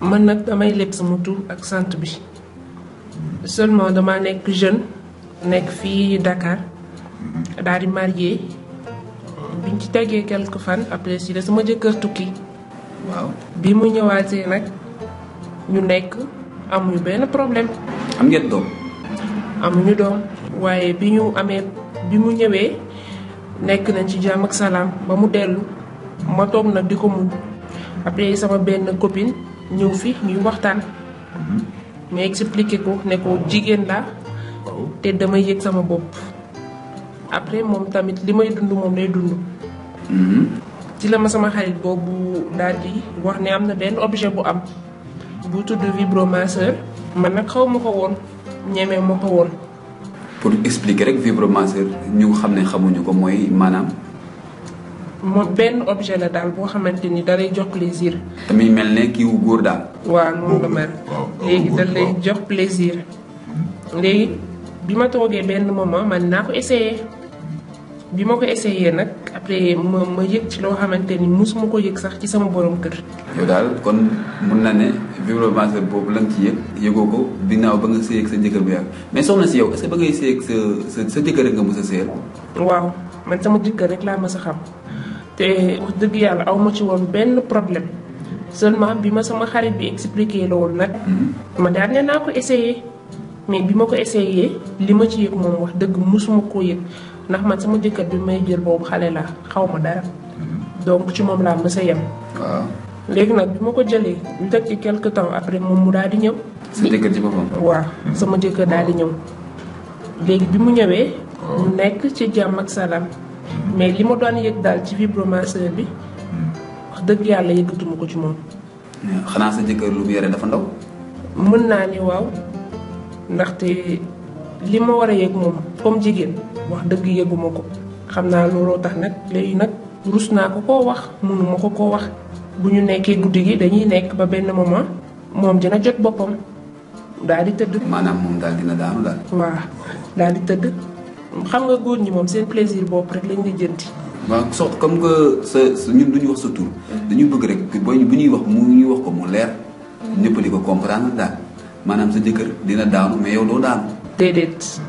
man nag damay lépp sama tur ak sant bi seulement dama nekk jeune nekk fii Dakar daal di marié biñ ci tegee quelque fan après si la sama jëkkër tukki waaw bi mu ñëwaatee nag ñu nekk amuñu benn problème. am ngeen doom. amuñu doom. waaye bi ñu amee bi mu ñëwee nekk nañ ci jàmm ak salaam ba mu dellu ma toog nag di ko muñ après sama benn copine. ñëw fi ñuy waxtaan. ma mhm. expliqué ko ne ko jigéen la te damay yëg sama bopp. après moom tamit li may dund moom lay dund. Mhm. ci la ma sama xarit boobu daal di wax ne am na benn objet bu am. bu tudd vibromasseur. man nag xaw ma ko woon ñemee ma ko woon. pour expliquer rek vibromasseur ñu xam ne xamuñu ko mooy maanaam. moom benn objet la daal boo xamante ni dalay jox plaisir. tamit mel ne kii góor daal. waaw noonu la mel. léegi da lay jox plaisir. léegi bi ma toogee benn moment man naa ko essayé bi ma ko essayé nag après ma ma yëg ci loo xamante ni mosuma ko yëg sax ci sama borom kër. yow daal kon mun na ne vibromasseur boobu la ci yëg yëgoo ko dinaaw ba nga sëyeeg sa jëkkër bu yàgg mais soxna si yow est ba ngay sëyeeg sa sa sa jëkkër nga mos a sëyal. waaw man sama jëkkër rek laa mës a xam. te wax dëgg yàlla aw ma ci woon benn problème seulement bi ma sama xarit bi expliqué loolu nag ma daal ne naa ko essayé mais bi ma ko essayé li ma ci yëg moom wax dëgg musuma koo yëg ndax man sama jëkkër bi may jël boobu xale la xaw ma dara donc ci moom laa mës a yem waaw léegi nag bi ma ko jëlee ñu teg ci quelque temps après moom mu daal di ñëw sa jëkkër ci boppam waaw sama jëkkër daal di ñëw léegi bi mu ñëwee ñu oh. nekk ci jàmm ak salaam mais li ma doon yëg daal ci vibromasseur bi wax dëgg yàlla yëgatuma ko ci moom. xanaa sa jëkkër lu mu yore dafa ndaw. mën naa ni waaw ndaxte li ma war a yëg moom comme jigéen wax dëgg yëguma ko xam naa looloo tax nag léegi nag rus naa ko koo wax mënuma ko koo wax bu ñu nekkee guddi gi dañuy nekk ba benn moment moom dina jot boppam daal di tëdd. maanaam moom daal dina daanu daal. waaw daal di tëdd. xam nga góor ñi moom seen plaisir bopp rek lañ lijjanti waaw sort comme que sa ñun duñu wax sa tur dañu bëgg rek boy bu ñuy wax mu ñuy wax ko mu leer ñëpp di ko comprendre daal maanaam sa jëkkër dina daanu mais yow doo daanu déedéet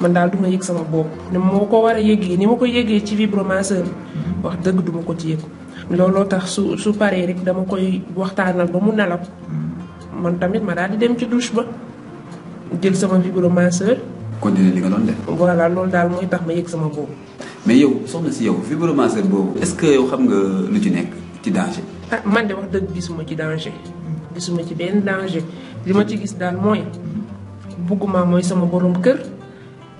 man daal duma yëg sama bopp ni ma ko war a yëgee ni ma ko yëgee ci vibromasseur wax dëgg duma ko ci yëg looloo tax su su paree rek dama koy waxtaanal ba mu nelaw man tamit ma daal di dem ci douche ba jël sama vibromasseur continuer li nga doon def. voilà loolu daal mooy tax ma yëg sama boobu. mais yow soxna si yow fibromasseur boobu. est-ce que yow xam nga lu ci nekk ci danger. ah man de wax dëgg gisuma ci danger. gisuma ci benn danger li ma ci gis daal mooy bugguma mooy sama boroom kër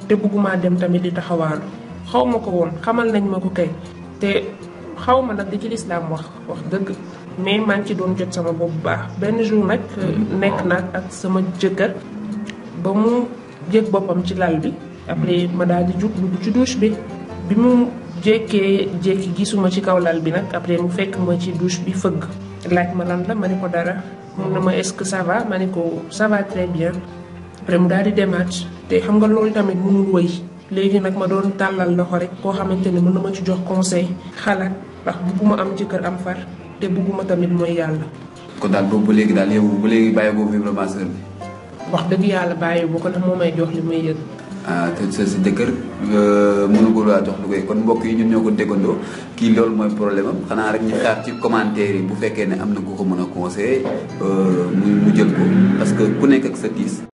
te bugguma dem tamit di taxawaalu xaw ma ko woon xamal nañ ma ko kay te xaw ma nag di ci lislaam wax wax dëgg. mais maa ngi ci doon jot sama bopp bu baax benn jour nag. Hmm. nekk naa ak sama jëkkër jéeg boppam ci lal bi après ma daal di jug dugg ci douche bi bi mu jékkee jékki gisuma ci kaw lal bi nag après mu fekk ma ci douche bi fëgg laaj ma lan la ma ni ko dara mun na ma est-ce que ça va ma ne ko ça va très bien après mu daal di demaat te xam nga loolu tamit mënul wëy léegi nag ma doon tàllal loxo rek koo xamante ne mun na ma ci jox conseil xalaat ndax bugguma am jëkkër am far te bugguma tamit mooy yàlla. kon daal boobu ba léegi daal yow ba léegi bi. wax dëgg yàlla bàyyi bu ko moo may jox li may yëg. ah te sa si jëkkër euh, mënu ko laa jox du koy kon mbokk yi ñun ñoo ko déggandoo kii loolu mooy problème am xanaa rek ñu xaar ci commentaire yi bu fekkee ne am na ku ko mën a conseillé euh, mu mu jël ko parce que ku nekk ak sa tiis.